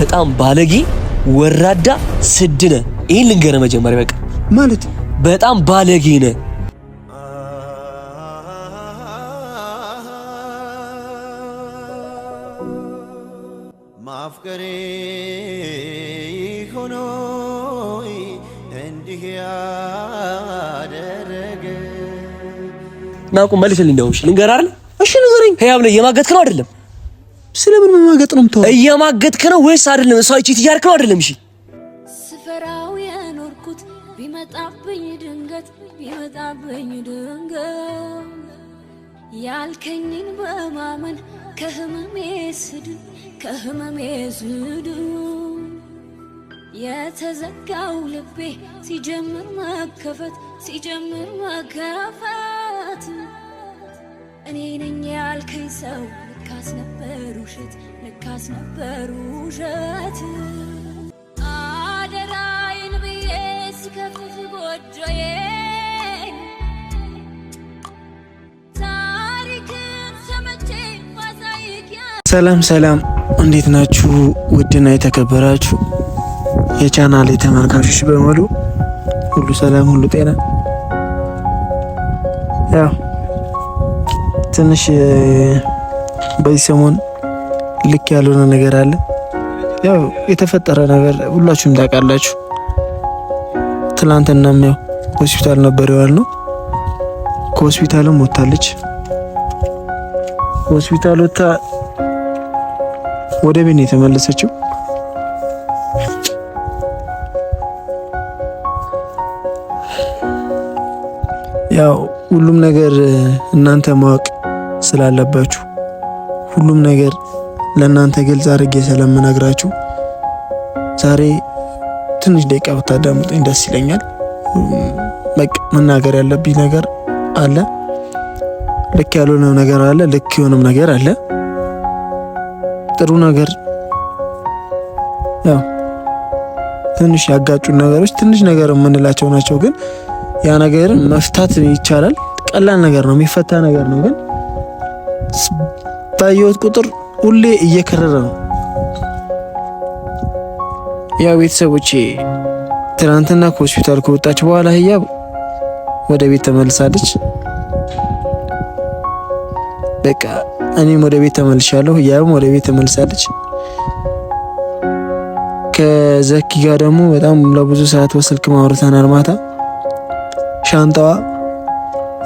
በጣም ባለጌ ወራዳ ስድነ ይህን ልንገረ መጀመሪያ በቃ ማለት በጣም ባለጌ ነ ማፍቀሬ ሆኖ እንዲህ ያደረገ ናቁ መልስ ልንደውሽ እሺ ልንገርህ እሺ ንገረኝ። ህያብ ላይ የማገትክ ነው አይደለም ስለምን መማገጥ ነው የምታወራው? እየማገጥክ ነው ወይስ አይደለም? እሷ እቺት እያልክ ነው አይደለም? እሺ ስፈራው የኖርኩት ቢመጣብኝ ድንገት ቢመጣብኝ ድንገት ያልከኝን በማመን ከህመሜ ስድን ከህመሜ ስድን የተዘጋው ልቤ ሲጀምር መከፈት ሲጀምር መከፈት እኔ ነኝ ያልከኝ ሰው ለካስ ነበር ውሸት ለካስ ነበር ውሸት አደራዬን ብዬ ስከፍት ጎጆዬን ታሪክን ሰምቼ ማሳይቅ ሰላም ሰላም፣ እንዴት ናችሁ? ውድና የተከበራችሁ የቻናል የተመልካቾች በሙሉ ሁሉ ሰላም፣ ሁሉ ጤና። ያው ትንሽ በዚህ ሰሞን ልክ ያልሆነ ነገር አለ። ያው የተፈጠረ ነገር ሁላችሁም ታውቃላችሁ። ትላንትናም ያው ሆስፒታል ነበር የዋል ነው። ከሆስፒታልም ወታለች። ሆስፒታል ወታ ወደ ቤት የተመለሰችው። ያው ሁሉም ነገር እናንተ ማወቅ ስላለባችሁ ሁሉም ነገር ለእናንተ ግልጽ አድርጌ ስለምነግራችሁ ዛሬ ትንሽ ደቂቃ ብታዳምጡኝ ደስ ይለኛል። በቃ መናገር ያለብኝ ነገር አለ። ልክ ያልሆነም ነገር አለ፣ ልክ የሆነም ነገር አለ። ጥሩ ነገር ያው ትንሽ ያጋጩን ነገሮች ትንሽ ነገር የምንላቸው ናቸው። ግን ያ ነገርን መፍታት ይቻላል። ቀላል ነገር ነው፣ የሚፈታ ነገር ነው ግን ባየሁት ቁጥር ሁሌ እየከረረ ነው። ያው ቤተሰቦቼ ትናንትና ከሆስፒታል ከወጣች በኋላ ህያብ ወደ ቤት ተመልሳለች። በቃ እኔም ወደ ቤት ተመልሻለሁ፣ ህያብም ወደ ቤት ተመልሳለች። ከዘኪ ጋር ደግሞ በጣም ለብዙ ሰዓት በስልክ ማውርተናል። ማታ ሻንጣዋ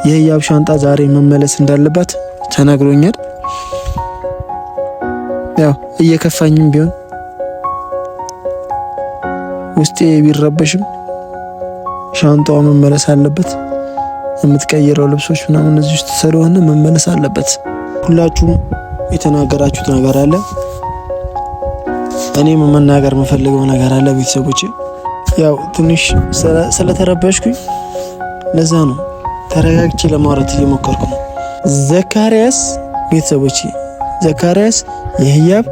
የህያብ ሻንጣ ዛሬ መመለስ እንዳለባት ተናግሮኛል። ያው እየከፋኝም ቢሆን ውስጤ ቢረበሽም ሻንጣዋ መመለስ አለበት። የምትቀይረው ልብሶች ምናምን እዚህ ውስጥ ስለሆነ መመለስ አለበት። ሁላችሁም የተናገራችሁት ነገር አለ። እኔም መናገር የምፈልገው ነገር አለ። ቤተሰቦች ያው ትንሽ ስለተረበሽኩኝ ለዛ ነው ተረጋግቼ ለማውራት እየሞከርኩ ነው። ዘካሪያስ ቤተሰቦቼ ዘካርያስ የህያብ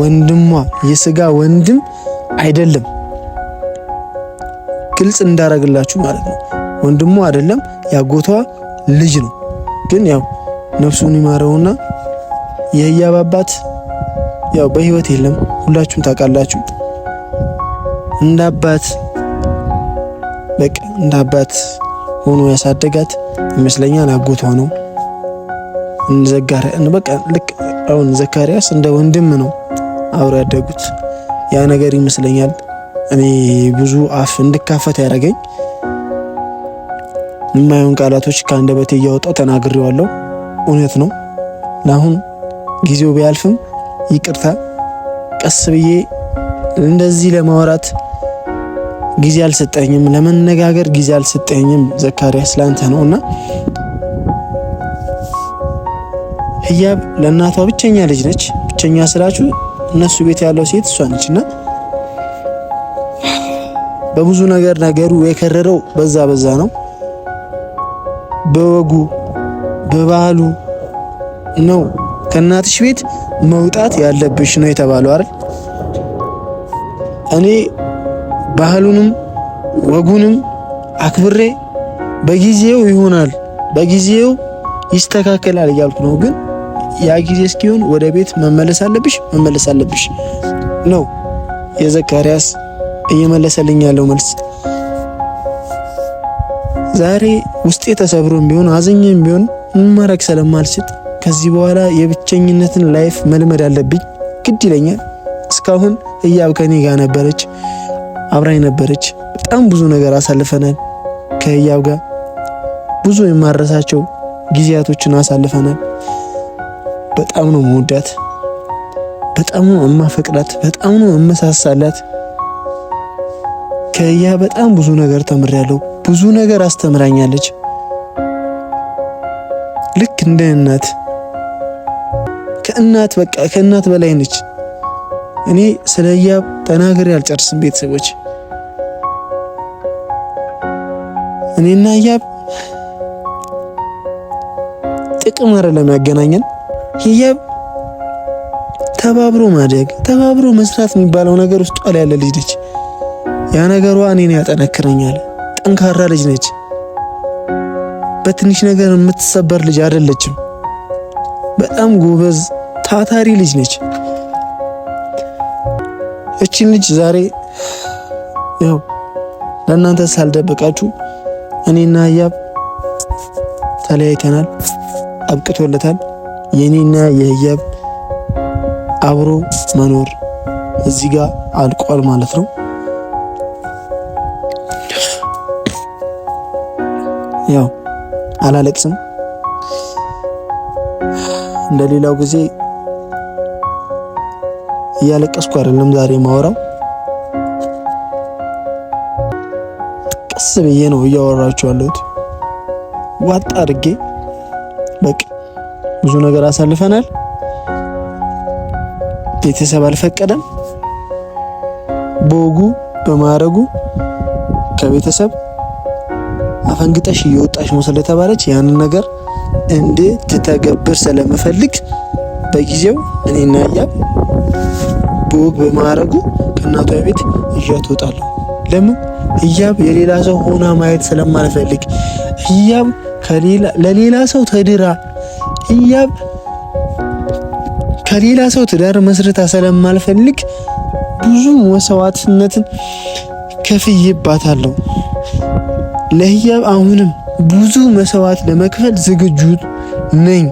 ወንድሟ የስጋ ወንድም አይደለም። ግልጽ እንዳረግላችሁ ማለት ነው። ወንድሟ አይደለም፣ ያጎቷ ልጅ ነው። ግን ያው ነፍሱን ይማረውና የህያብ አባት ያው በህይወት የለም፣ ሁላችሁም ታውቃላችሁ። እንደ አባት በቃ እንደ አባት ሆኖ ያሳደጋት ይመስለኛል። አጎቷ ነው እንዘጋረ በቃ ልክ አሁን ዘካሪያስ እንደ ወንድም ነው አብሮ ያደጉት። ያ ነገር ይመስለኛል እኔ ብዙ አፍ እንድካፈት ያደረገኝ። የማየውን ቃላቶች ከአንደበቴ እያወጣው ተናግሬዋለሁ። እውነት ነው። ለአሁን ጊዜው ቢያልፍም ይቅርታ፣ ቀስ ብዬ እንደዚህ ለማውራት ጊዜ አልሰጠኝም፣ ለመነጋገር ጊዜ አልሰጠኝም። ዘካሪያስ ላንተ ነው እና ህያብ ለእናቷ ብቸኛ ልጅ ነች። ብቸኛ ስላችሁ እነሱ ቤት ያለው ሴት እሷ ነች እና በብዙ ነገር ነገሩ የከረረው በዛ በዛ ነው። በወጉ በባህሉ ነው ከእናትሽ ቤት መውጣት ያለብሽ ነው የተባለው አይደል? እኔ ባህሉንም ወጉንም አክብሬ በጊዜው ይሆናል በጊዜው ይስተካከላል እያልኩ ነው ግን ያ ጊዜ እስኪሆን ወደ ቤት መመለስ አለብሽ፣ መመለስ አለብሽ ነው የዘካርያስ እየመለሰልኝ ያለው መልስ። ዛሬ ውስጤ ተሰብሮም ቢሆን አዘኝም ቢሆን ማረግ ስለማልችል ከዚህ በኋላ የብቸኝነትን ላይፍ መልመድ አለብኝ ግድ ይለኛል። እስካሁን እያብ ከኔ ጋር ነበረች፣ አብራኝ ነበረች። በጣም ብዙ ነገር አሳልፈናል። ከህያብ ጋር ብዙ የማረሳቸው ጊዜያቶችን አሳልፈናል። በጣም ነው የምወዳት፣ በጣም ነው የማፈቅራት፣ በጣም ነው የምሳሳላት። ከያ በጣም ብዙ ነገር ተምሬያለሁ። ብዙ ነገር አስተምራኛለች፣ ልክ እንደ እናት። ከእናት በቃ ከእናት በላይ ነች። እኔ ስለ ያ ተናግሬ አልጨርስም። ቤተሰቦች እኔና ያብ ጥቅም አይደለም ያገናኘን ህያብ ተባብሮ ማደግ ተባብሮ መስራት የሚባለው ነገር ውስጥ ላይ ያለ ልጅ ነች። ያ ነገሯ እኔን ያጠነክረኛል። ጠንካራ ልጅ ነች። በትንሽ ነገር የምትሰበር ልጅ አይደለችም። በጣም ጎበዝ ታታሪ ልጅ ነች። እችን ልጅ ዛሬ ያው ለእናንተ ሳልደብቃችሁ እኔና ህያብ ተለያይተናል። አብቅቶለታል። የኔና የህያብ አብሮ መኖር እዚህ ጋር አልቋል ማለት ነው። ያው አላለቅስም እንደ ሌላው ጊዜ እያለቀስኩ አይደለም ዛሬ ማወራው፣ ቀስ ብዬ ነው እያወራችሁ ያለሁት ዋጥ አድርጌ በቃ ብዙ ነገር አሳልፈናል። ቤተሰብ አልፈቀደም። በወጉ በማረጉ ከቤተሰብ አፈንግጠሽ እየወጣሽ ነው ስለተባለች ያንን ነገር እንድትተገብር ስለምፈልግ በጊዜው እና ያብ በወግ በማረጉ ከእናቷ ቤት እዣት እወጣለሁ። ለምን እያብ የሌላ ሰው ሆና ማየት ስለማልፈልግ እያብ ለሌላ ሰው ተድራ ህያብ ከሌላ ሰው ትዳር መስርታ ስለማልፈልግ ብዙ መስዋዕትነትን ከፍዬባታለሁ። ለህያብ አሁንም ብዙ መስዋዕት ለመክፈል ዝግጁ ነኝ።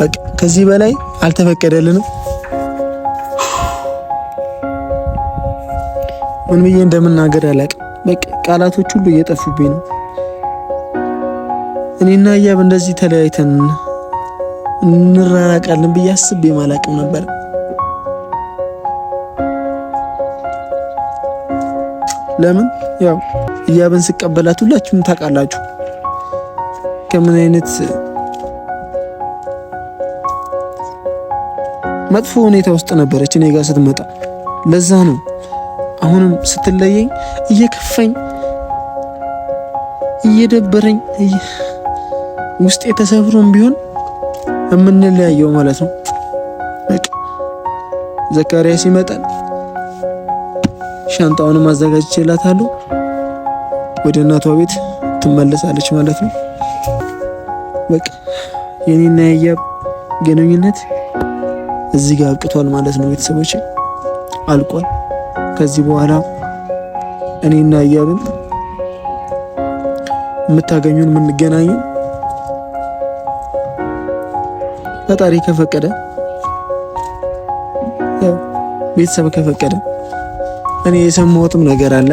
በቃ ከዚህ በላይ አልተፈቀደልንም። ምን ብዬ እንደምናገር አላውቅም። በቃ ቃላቶች ሁሉ እየጠፉብኝ ነው። እኔና እያብ እንደዚህ ተለያይተን እንራራቃለን ብዬ አስቤ ማላቅም ነበር። ለምን ያው እያብን ስቀበላት ሁላችሁም ታውቃላችሁ ከምን አይነት መጥፎ ሁኔታ ውስጥ ነበረች እኔ ጋር ስትመጣ። ለዛ ነው አሁንም ስትለየኝ እየከፋኝ እየደበረኝ ውስጤ ተሰብሮም ቢሆን የምንለያየው ማለት ነው። ዘካሪያስ ይመጣል። ሻንጣውንም አዘጋጅቼላታለሁ። ወደ እናቷ ቤት ትመለሳለች ማለት ነው። በቃ የኔና የያብ ግንኙነት እዚህ ጋር አብቅቷል ማለት ነው። ቤተሰቦች አልቋል። ከዚህ በኋላ እኔና እያብን የምታገኙን የምንገናኙ ፈጣሪ ከፈቀደ ያው ቤተሰብ ከፈቀደ እኔ የሰማሁትም ነገር አለ።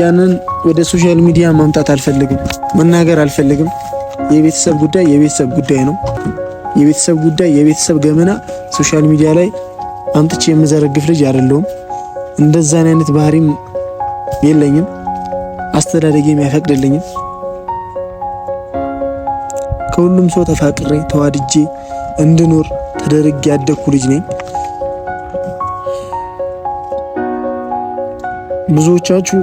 ያንን ወደ ሶሻል ሚዲያ ማምጣት አልፈልግም፣ መናገር አልፈልግም። የቤተሰብ ጉዳይ የቤተሰብ ጉዳይ ነው። የቤተሰብ ጉዳይ የቤተሰብ ገመና ሶሻል ሚዲያ ላይ አምጥቼ የምዘረግፍ ልጅ አይደለሁም። እንደዛን አይነት ባህሪም የለኝም፣ አስተዳደጌም አይፈቅድልኝም። ከሁሉም ሰው ተፋቅሬ ተዋድጄ እንድኖር ተደርጌ ያደግኩ ልጅ ነኝ። ብዙዎቻችሁ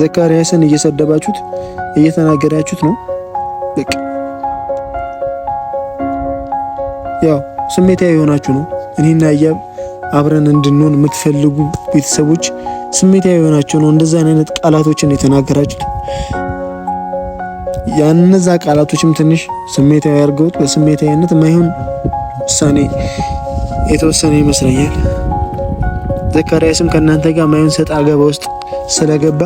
ዘካርያስን እየሰደባችሁት እየተናገራችሁት ነው። ያው ስሜታዊ የሆናችሁ ነው እኔና እያብ አብረን እንድንሆን የምትፈልጉ ቤተሰቦች ስሜታዊ የሆናችሁ ነው እንደዛ አይነት ቃላቶችን የተናገራችሁት። ያነዛ ቃላቶችም ትንሽ ስሜታዊ አድርገውት በስሜታዊነት ማይሆን ውሳኔ የተወሰነ ይመስለኛል። ዘካሪያስም ከእናንተ ጋር ማይሆን ሰጥ አገባ ውስጥ ስለገባ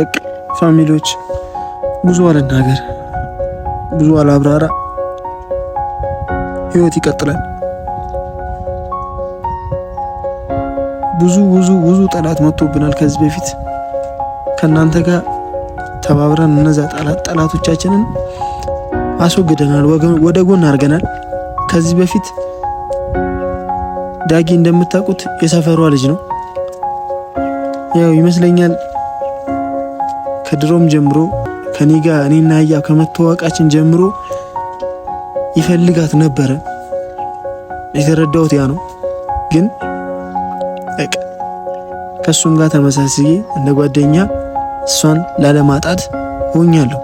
በቃ ፋሚሊዎች ብዙ አልናገር፣ ብዙ አላብራራ። ህይወት ይቀጥላል። ብዙ ብዙ ብዙ ጠላት መጥቶብናል ከዚህ በፊት ከእናንተ ጋር ተባብረን እነዛ ጠላት ጠላቶቻችንን አስወግደናል፣ ወደ ጎን አድርገናል። ከዚህ በፊት ዳጊ እንደምታውቁት የሰፈሯ ልጅ ነው ያው ይመስለኛል ከድሮም ጀምሮ ከኔ ጋር እኔና ህያብ ከመተዋወቃችን ጀምሮ ይፈልጋት ነበረ። የተረዳሁት ያ ነው። ግን ከእሱም ጋር ተመሳስዬ እንደ ጓደኛ እሷን ላለማጣት ሆኛለሁ።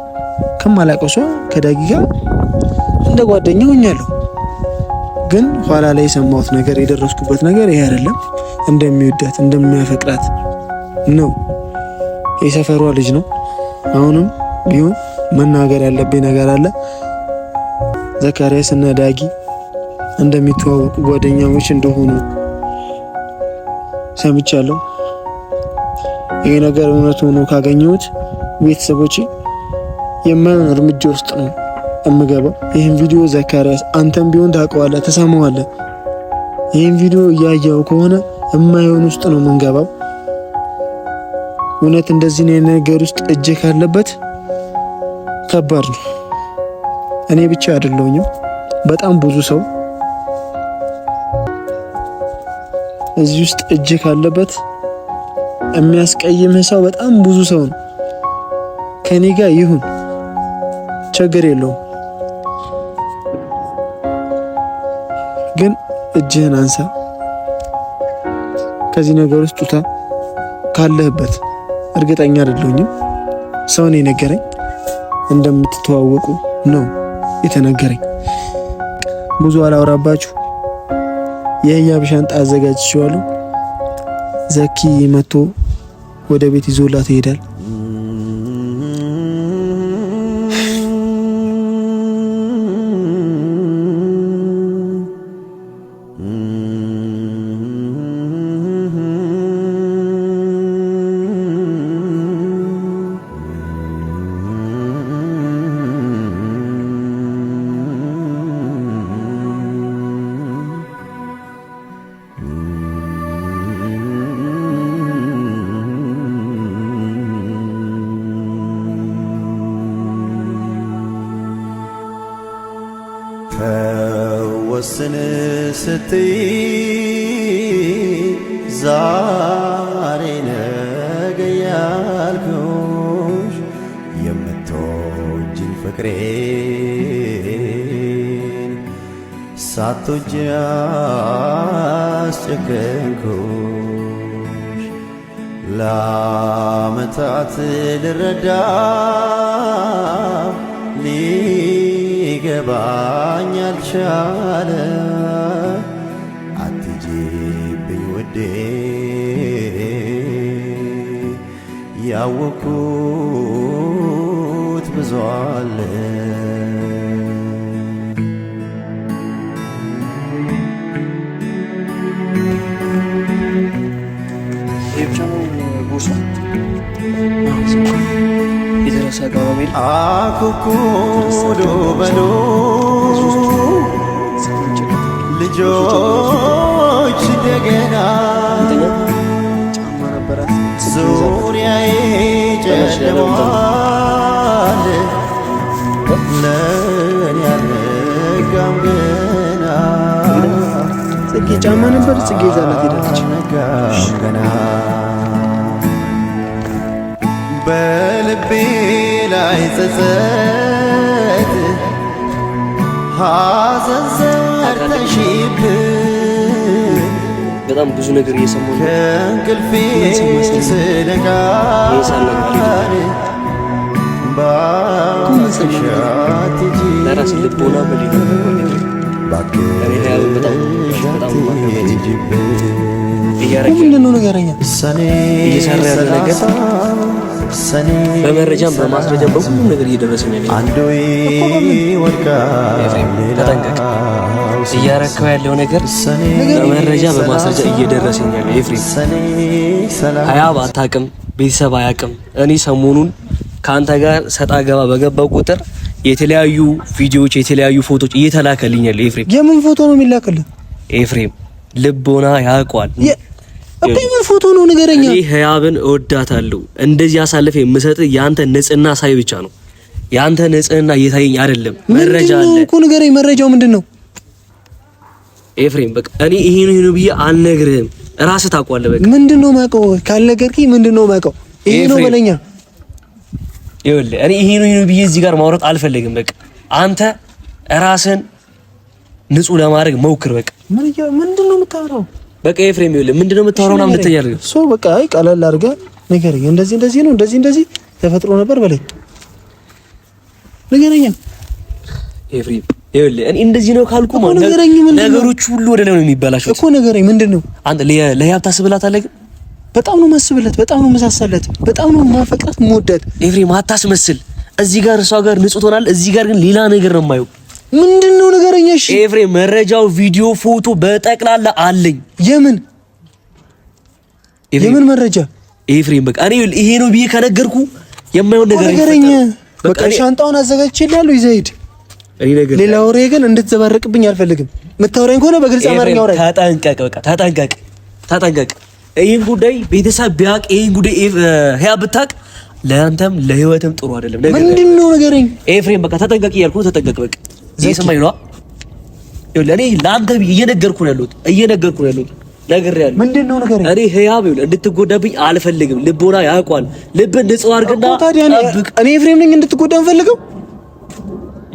ከማላቀው ሰው ከዳጊ ጋር እንደ ጓደኛ ሆኛለሁ። ግን ኋላ ላይ የሰማሁት ነገር የደረስኩበት ነገር ይሄ አይደለም። እንደሚወዳት እንደሚያፈቅራት ነው። የሰፈሯ ልጅ ነው። አሁንም ቢሆን መናገር ያለብኝ ነገር አለ። ዘካሪያስ እና ዳጊ እንደሚተዋወቁ ጓደኛሞች እንደሆኑ ሰምቻለሁ። ይሄ ነገር እውነት ሆኖ ካገኘሁት ቤተሰቦች የማይሆን እርምጃ ውስጥ ነው የምገባው። ይህን ቪዲዮ ዘካሪያስ አንተም ቢሆን ታውቀዋለህ፣ ተሰማዋለ ይህን ቪዲዮ እያየው ከሆነ የማይሆን ውስጥ ነው የምንገባው። እውነት እንደዚህ ነገር ውስጥ እጅ ካለበት ከባድ ነው። እኔ ብቻ አይደለሁኝም። በጣም ብዙ ሰው እዚህ ውስጥ እጅ ካለበት የሚያስቀይምህ ሰው በጣም ብዙ ሰው ነው። ከኔ ጋር ይሁን ችግር የለውም። ግን እጅህን አንሳ ከዚህ ነገር ውስጥ ውጣ ካለህበት እርግጠኛ አይደለሁኝም። ሰው ነው የነገረኝ። እንደምትተዋወቁ ነው የተነገረኝ። ብዙ አላወራባችሁ። የህያብ ሻንጣ አዘጋጅቼዋለሁ። ዘኪ መጥቶ ወደ ቤት ይዞላት ይሄዳል። አትውጂ አስጨከንኩሽ ለዓመታት ልረዳ ሊገባኝ አልቻለ አትጂብኝ ውዴ ያወኩት ብዙ አለ የደረሰ አገባሜል አኩኩዶ በሎ ልጆች እንደገና ዙሪያዬ ጨለሟል ለእኔ አልነጋም ገና ጽጌ ጫማ ነበር ጽጌ ይዛላት ሄዳለች ገና بلبي لايز زاد هذا الزهر تجيب بدام بزو نغير يسمو كان كل في سلكا يسالنا عليك با كل شيء تجيب لا راس اللي بدون بلي بدون بلي ምንድነው ነገረኛ እየሰራ ያለ ነገር በመረጃም በማስረጃም በሁሉም ነገር እየደረሰኝ ነው። ያለው ነገር በመረጃ በማስረጃ እየደረሰኝ ነው። ኤፍሬም ሀያብ አታውቅም፣ ቤተሰብ አያውቅም። እኔ ሰሞኑን ከአንተ ጋር ሰጣ ገባ በገባው ቁጥር የተለያዩ ቪዲዮዎች፣ የተለያዩ ፎቶዎች እየተላከልኛል። ኤፍሬም የምን ፎቶ ነው የሚላክልህ? ኤፍሬም ልቦና ያውቋል። ምን ፎቶ ነው ንገረኛ። እኔ ህያብን እወዳታለሁ። እንደዚህ አሳልፈ የምሰጥ ያንተ ንጽህና ሳይ ብቻ ነው። ያንተ ንጽህና እየታየኝ አይደለም። መረጃ አለ እኮ ንገረኝ። መረጃው ምንድን ነው? ኤፍሬም በቃ እኔ ይሄን ይሄን ብዬ አልነግርህም። ራስህ ታውቀዋለህ። በቃ ምንድን ነው የማውቀው? ካልነገርኩኝ ምንድን ነው የማውቀው? ይሄ ነው በለኛ። ይኸውልህ እኔ ይሄን ይሄን ብዬ እዚህ ጋር ማውረጥ አልፈልግም። በቃ አንተ ራስህን ንጹህ ለማድረግ መውክር። በቃ ምንድን ነው የምታወራው? በቃ ኤፍሬም ይኸውልህ፣ ምንድነው ነው የምታወራው? ምናምን ልትይኛል ሶ በቃ አይ ቀለል አድርገህ ንገረኝ። እንደዚህ እንደዚህ ነው እንደዚህ እንደዚህ ተፈጥሮ ነበር በለኝ፣ ንገረኝ። ኤፍሬም ይኸውልህ፣ እኔ እንደዚህ ነው ካልኩ ማለት ነገሮች ሁሉ ወደ ነው የሚበላሹት እኮ። ንገረኝ፣ ምንድን ነው አንተ ለህያብ ታስብላታለህ? በጣም ነው ማስብለት፣ በጣም ነው መሳሳለት፣ በጣም ነው ማፈቅራት፣ መወዳት። ኤፍሬም አታስመስል። እዚህ ጋር እሷ ጋር ንጹህ ትሆናለህ፣ እዚህ ጋር ግን ሌላ ነገር ነው የማየው ምንድን ነው ንገረኝ። እሺ ኤፍሬም፣ መረጃው፣ ቪዲዮ፣ ፎቶ በጠቅላላ አለኝ። የምን የምን መረጃ ኤፍሬም? በቃ እኔ ይሄ ነው ብዬ ከነገርኩ የማይሆን ነገር ንገረኝ። በቃ ሻንጣውን አዘጋጅቼልሃለሁ፣ ይዘህ ሂድ። ሌላ ወሬ ግን እንድትዘባረቅብኝ አልፈልግም። የምታወራኝ ከሆነ በግልጽ አማርኛ ወሬ። ተጠንቀቅ፣ በቃ ተጠንቀቅ፣ ተጠንቀቅ። ይህን ጉዳይ ቤተሰብ ቢያቅ፣ ይህን ጉዳይ ህያ ብታውቅ ለአንተም ለህይወትም ጥሩ አይደለም። ምንድን ነው ንገረኝ ኤፍሬም፣ በቃ ተጠንቀቅ እያልኩ ነው። ተጠንቀቅ በቃ እዚህ ስማኝ ነው ለእኔ ለአንተ እየነገርኩ ነው ያለሁት እየነገርኩ ነው ያለሁት ነገር ያለ ምንድነው ነገር እኔ ህያብ ይኸውልህ እንድትጎዳብኝ አልፈልግም። ልቦና ያውቋል። ልብ ንጹህ አድርግና ጠብቅ። እኔ ኤፍሬም ነኝ እንድትጎዳ እንፈልገው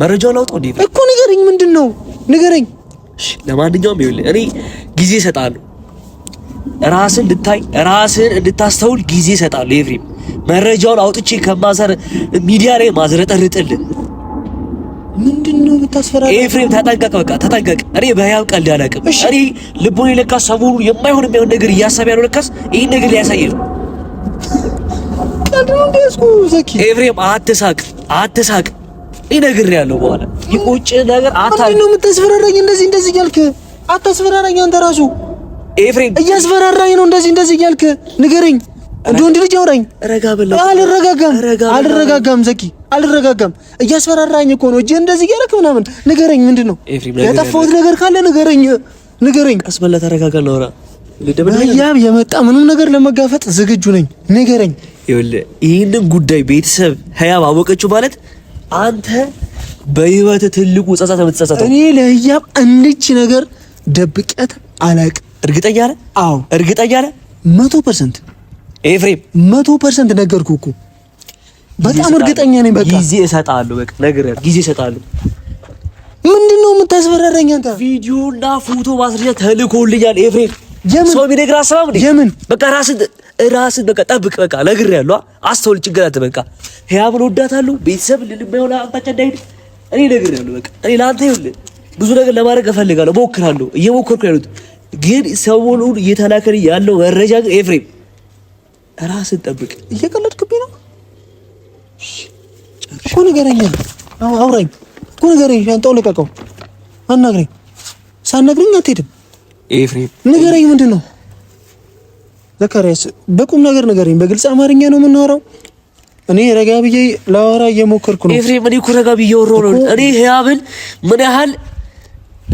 መረጃው አውጣው እንዴ እኮ ንገረኝ። ምንድነው ንገረኝ። ለማንኛውም ይኸውልህ እኔ ጊዜ እሰጥሃለሁ። ራስን እንድታይ ራስን እንድታስተውል ጊዜ እሰጥሃለሁ። ኤፍሬም መረጃውን አውጥቼ ከማሰር ሚዲያ ላይ ማዝረጠርጥልህ ምንድነው የምታስፈራ? ኤፍሬም ተጠንቀቅ፣ በቃ ተጠንቀቅ። እኔ በህያብ ቀልድ አላውቅም። እኔ ልቦኔ ለካ ሰሞኑ የማይሆን የሚሆን ነገር እያሰብ ያለው ለካስ ይህን ነገር ሊያሳይ ነው። ዘኪ ኤፍሬም አትሳቅ፣ አትሳቅ። ነገር ያለው በኋላ ይቆጭ ነገር አታ ምንድነው የምታስፈራራኝ? እንደዚህ እንደዚህ እያልክ አታስፈራራኝ። አንተ ራሱ ኤፍሬም እያስፈራራኝ ነው። እንደዚህ እንደዚህ እያልክ ንገረኝ፣ እንደ ወንድ ልጅ አውራኝ። ረጋ በለው። አልረጋጋም፣ አልረጋጋም ዘኪ አልረጋጋም። እያስፈራራኝ እኮ ነው። እጄ እንደዚህ እያደረክ ምናምን ንገረኝ። ምንድን ነው ያጠፋሁት ነገር ካለ ንገረኝ፣ ንገረኝ። አስበላ በላ ተረጋጋ። ነውራ ለደብዳቤ የመጣ ምንም ነገር ለመጋፈጥ ዝግጁ ነኝ። ንገረኝ። ይህንን ጉዳይ ቤተሰብ ህያብ አወቀችው ማለት አንተ በህይወት ትልቁ ጸጸት የምትጸጸተው እኔ ለህያብ እንድች ነገር ደብቀት አላቅ። እርግጠኛ ነህ? አዎ እርግጠኛ ነህ? መቶ ፐርሰንት ኤፍሬም፣ መቶ ፐርሰንት ነገርኩ እኮ በጣም እርግጠኛ ነኝ። በቃ ጊዜ እሰጣለሁ። በቃ ነግሬህ ጊዜ እሰጣለሁ። ምንድን ነው የምታስፈራረኝ አንተ? ቪዲዮና ፎቶ ማስረጃ ተልኮልኛል ኤፍሬም። የምን ሰው የሚነግርህ አስበህ እንደ የምን በቃ ራስህ ራስህ በቃ ጠብቅ። በቃ ነግሬሃለሁ። አስተውል፣ ችግር አለ። በቃ ህያብ ነው እወዳታለሁ። ልልም ልልበየውላ አቅጣጫ እንዳይሄድ እኔ ነግሬሃለሁ። በቃ እኔ ለአንተ ይኸውልህ ብዙ ነገር ለማድረግ እፈልጋለሁ፣ እሞክራለሁ፣ እየሞከርኩ ያሉት ግን ሰሞኑን እየተላከልኝ ያለው መረጃ ኤፍሬም ራስን ጠብቅ። እየቀለድክ እኮ ንገረኝ፣ አውራኝ እኮ ንገረኝ። ሻንጣውን ልቀቀው፣ አናግረኝ። ሳናግረኝ አትሄድም። ኤፍሬም ንገረኝ፣ ምንድን ነው ዘካሪያስ? በቁም ነገር ንገረኝ። በግልጽ አማርኛ ነው የምናወራው። እኔ ረጋ ብዬ ላወራ እየሞከርኩ ነው ኤፍሬም። እኔ እኮ ረጋ ብዬ እያወራሁ ነው። እኔ ህያብን ምን ያህል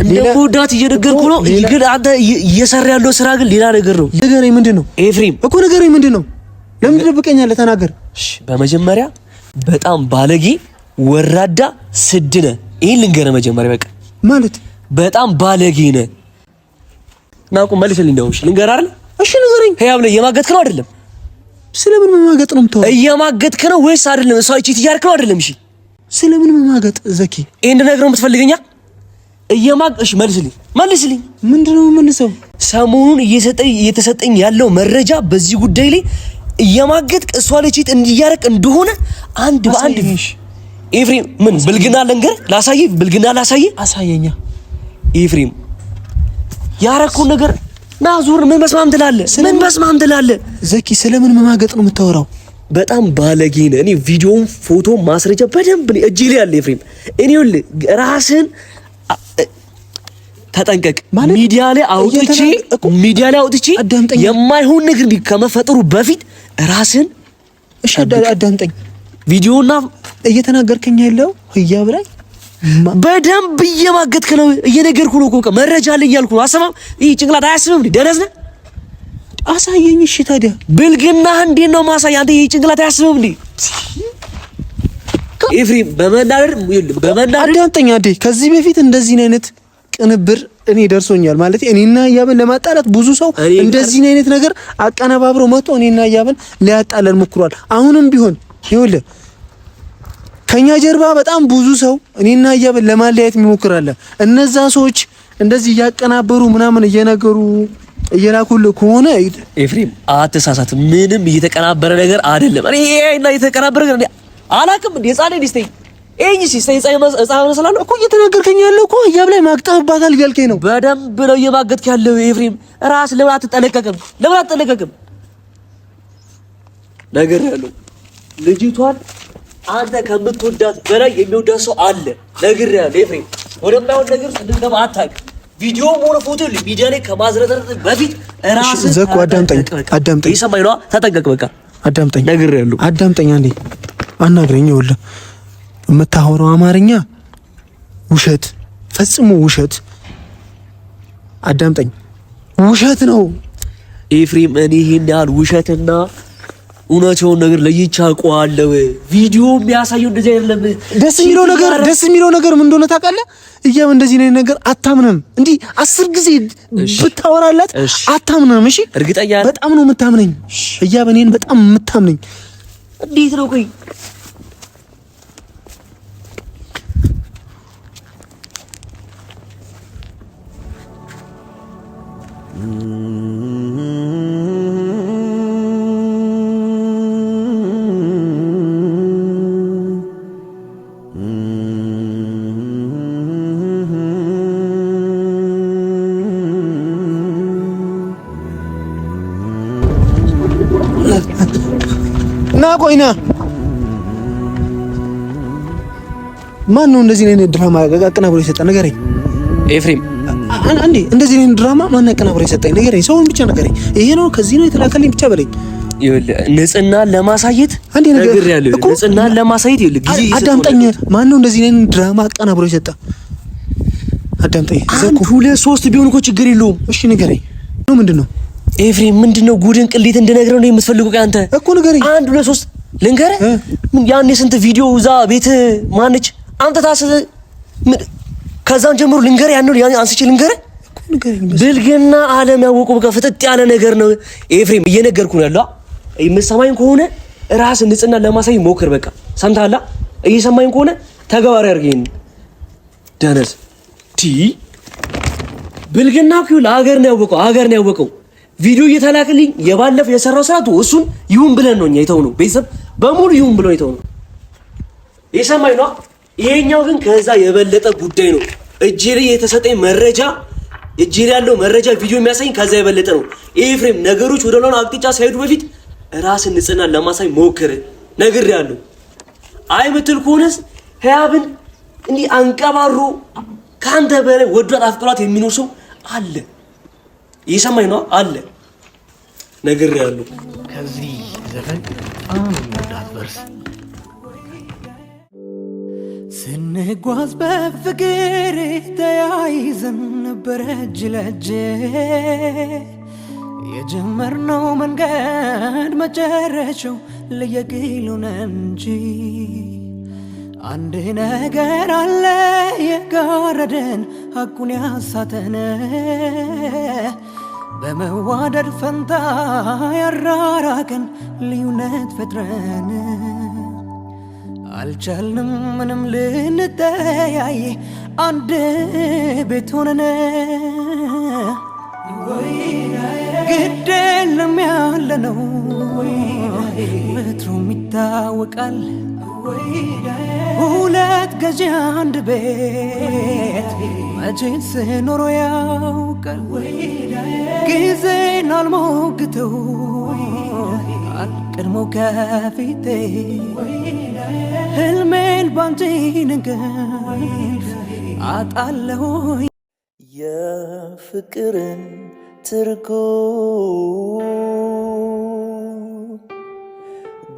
እንደምወዳት እየነገርኩ ነው። ግን አንተ እየሰራ ያለው ስራ ግን ሌላ ነገር ነው። ንገረኝ፣ ምንድን ነው ኤፍሬም? እኮ ንገረኝ፣ ምንድን ነው? ለምን ትደብቀኛለህ? ተናገር በመጀመሪያ በጣም ባለጌ ወራዳ ስድ ነህ። ይህን ልንገርህ መጀመሪያ በቃ ማለት በጣም ባለጌ ነህ። ና ቁም፣ መልስልኝ። እንደው እሺ ልንገርህ አይደል? እሺ ንገረኝ። ህያብ ላይ እየማገጥክ ነው አይደለም? ስለምን መማገጥ ነው የምታወራው? እየማገጥክ ነው ወይስ አይደለም? እሷ እቺት እያልክ ነው አይደለም? እሺ ስለምን መማገጥ ዘኪ? ይሄን ነገር ነው የምትፈልገኛ? እየማግ እሺ መልስልኝ፣ መልስልኝ። ምንድነው መልሰው? ሰሞኑን እየሰጠኝ እየተሰጠኝ ያለው መረጃ በዚህ ጉዳይ ላይ እየማገጥክ እሷ ልጅት እንዲያረቅ እንደሆነ አንድ በአንድ ኤፍሬም፣ ምን ብልግና ልንገር ላሳይ፣ ብልግና ላሳይ፣ አሳየኛ ኤፍሬም፣ ያረከውን ነገር ና ዙር። ምን መስማም ትላለህ? ምን መስማም ትላለህ? ዘኪ፣ ስለምን መማገጥ ነው የምታወራው? በጣም ባለጌ ነህ። እኔ ቪዲዮውን፣ ፎቶ፣ ማስረጃ በደንብ ነው እጄ ላይ ያለ ኤፍሬም። እኔ ይኸውልህ ራስን ተጠንቀቅ። ሚዲያ ላይ አውጥቼ ሚዲያ ላይ አውጥቼ የማይሆን ነገር ከመፈጠሩ በፊት ራስን እሺ፣ አዳምጠኝ። ቪዲዮና እየተናገርከኝ ያለው ህያ ላይ በደንብ እየማገጥክ ነው። እየነገርኩ ነው እኮ መረጃ አለኝ እያልኩ ነው። አሰማም ይህ ጭንቅላት አያስብም። ደነዝ ነህ። አሳየኝ። እሺ፣ ታዲያ ብልግናህ እንዴት ነው ማሳየህ? አንተ ይህ ጭንቅላት አያስብም እንዴ? ኤፍሬም በመናደድ በመናደር አዳምጠኝ። አዴ ከዚህ በፊት እንደዚህ አይነት ቅንብር እኔ ደርሶኛል ማለት እኔና ህያብን ለማጣላት ብዙ ሰው እንደዚህ አይነት ነገር አቀነባብሮ መጥቶ እኔና ህያብን ሊያጣለን ሞክሯል። አሁንም ቢሆን ይውል ከኛ ጀርባ በጣም ብዙ ሰው እኔና ህያብን ለማለያየት የሚሞክራለ። እነዛ ሰዎች እንደዚህ እያቀናበሩ ምናምን እየነገሩ እየላኩል ከሆነ ኤፍሬም አትሳሳት። ምንም እየተቀናበረ ነገር አይደለም። እኔ እና እየተቀናበረ ነገር አላውቅም። እንደ ህፃን ልጅ ይሄኝ ሲ ህፃን ስላለው እኮ እየተናገርከኝ ያለው እኮ ህያብ ላይ ማግጠምባታል እያልከኝ ነው። በደንብ ነው እየማገጥክ ያለው ኤፍሬም። ራስ ለምን አትጠነቀቅም? ለምን አትጠነቀቅም? ነገር ያለው ልጅቷን አንተ ከምትወዳት በላይ የሚወዳት ሰው አለ። ነገር ያለው ኤፍሬም፣ ወደማይሆን ነገር እንድትገባ አታውቅም። ቪዲዮ ሆነ ፎቶ ሚዲያ ላይ ከማዝረጠር በፊት ራስህ ዘኮ አዳምጠኝ፣ አዳምጠኝ፣ ይሰማኝ ነዋ። ተጠንቀቅ፣ በቃ አዳምጠኝ። ነገር ያለው አዳምጠኝ፣ አንዴ አናግረኝ። ይኸውልህ የምታወራው አማርኛ ውሸት፣ ፈጽሞ ውሸት። አዳምጠኝ፣ ውሸት ነው ኤፍሬም። እኔ ይሄን ያህል ውሸትና እውነቱን ነገር ለይቻ አውቀዋለሁ። ቪዲዮ የሚያሳየው እንደዚህ አይደለም። ደስ የሚለው ነገር ደስ የሚለው ነገር ምን እንደሆነ ታውቃለህ? እያም እንደዚህ ነው ነገር አታምንም። እንዲህ አስር ጊዜ ብታወራላት አታምንም። እሺ፣ እርግጠኛ በጣም ነው የምታምነኝ። እያም እኔን በጣም የምታምነኝ እንዴት ነው ቆይ ና ቆይና ና። ማን ነው እንደዚህ ነው ድራማ ቀቅና ብሎ የሰጠ? ንገረኝ ኤፍሬም አንዴ እንደዚህ ነው ድራማ ማን አቀናብሮ የሰጠኝ ነገር ሰውን ብቻ ነገር ይሄ ነው ከዚህ ነው የተላከልኝ ብቻ በለኝ። ንጽህና ለማሳየት አንዴ ነገር ያለው ንጽህና ለማሳየት ይኸውልህ ጊዜ አዳምጠኝ። ማን ነው እንደዚህ ነው ድራማ አቀናብሮ የሰጠ? አዳምጠኝ። አንድ ሁለት ሶስት ቢሆን እኮ ችግር የለውም። እሺ ንገረኝ። ነው ምንድን ነው ኤፍሬም? ምንድን ነው ጉድን ቅሌት እንድነግረው ነው የምትፈልጉ? ቀን አንተ እኮ ንገረኝ። አንድ ሁለት ሶስት ልንገርህ። ያን የስንት ቪዲዮ እዛ ቤት ማነች አምጥታ ከዛን ጀምሮ ልንገር ያን አንስቼ ልንገር ብልግና ዓለም ያወቁ በቃ ፍጥጥ ያለ ነገር ነው። ኤፍሬም እየነገርኩ ነው ያለው። የምትሰማኝ ከሆነ ራስ ንጽህና ለማሳይ ሞክር። በቃ ሰምታላ። እየሰማኝ ከሆነ ተግባራዊ አድርገኝ። ደነስ ቲ ብልግና ኩል አገር ነው ያወቀው፣ አገር ነው ያወቀው። ቪዲዮ እየተላክልኝ የባለፈው የሰራው ስራቱ እሱን ይሁን ብለን ነው እኛ የተው ነው ቤተሰብ በሙሉ ይሁን ብሎ የተው ነው። እየሰማኝ ነው ይሄኛው ግን ከዛ የበለጠ ጉዳይ ነው። እጄ ላይ የተሰጠኝ መረጃ እጄ ላይ ያለው መረጃ ቪዲዮ የሚያሳይ ከዛ የበለጠ ነው። ይሄ ፍሬም ነገሮች ወደ ሆነ አቅጣጫ ሳይሄዱ በፊት ራስን ንጽህና ለማሳይ ሞክር ነግሬያለሁ። አይ ምትል ከሆነስ ህያብን እንዲህ አንቀባሮ ከአንተ በላይ ወዷት አፍቅሯት የሚኖር ሰው አለ። እየሰማኝ ነው አለ ነግሬያለሁ። ከዚህ ዘፈን በጣም ወዳት በርስ ስንጓዝ በፍቅር ተያይዘን ነበረ እጅ ለእጅ የጀመርነው መንገድ መጨረሻው ለየግል ሆነን እንጂ አንድ ነገር አለ የጋረደን ሀቁን ያሳተነ በመዋደድ ፈንታ ያራራቀን ልዩነት ፈጥረን አልቻልንም ምንም ልንተያይ አንድ ቤት ሆነን ግድ የለም ያለነው ምትሩም ይታወቃል። ሁለት ገዢ አንድ ቤት መቼ ስኖሮ ያውቃል። ጊዜን አልሞግተው አልቅድሞ ከፊቴ ህልሜን ባንቺ ነገር አጣለሁ የፍቅርን ትርጉ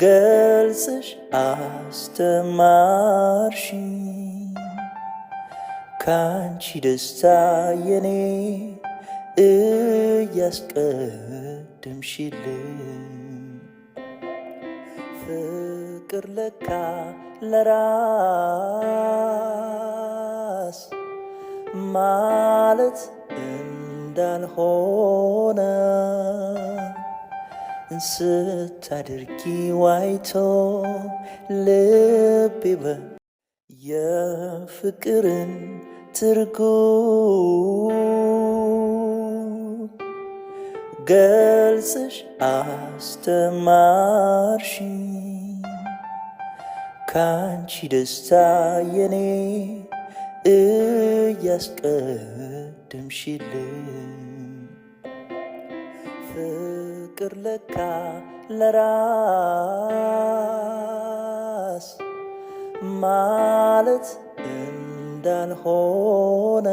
ገልጽሽ አስተማርሽ ካንቺ ደስታ የኔ እያስቀድምሽልን ፍቅር ለካ ለራስ ማለት እንዳልሆነ ስታድርጊ ዋይቶ ልቤ የፍቅርን ትርጉ ገልጽሽ አስተማርሽ ካንቺ ደስታ የኔ እያስቀድምሽልን ፍቅር ለካ ለራስ ማለት እንዳልሆነ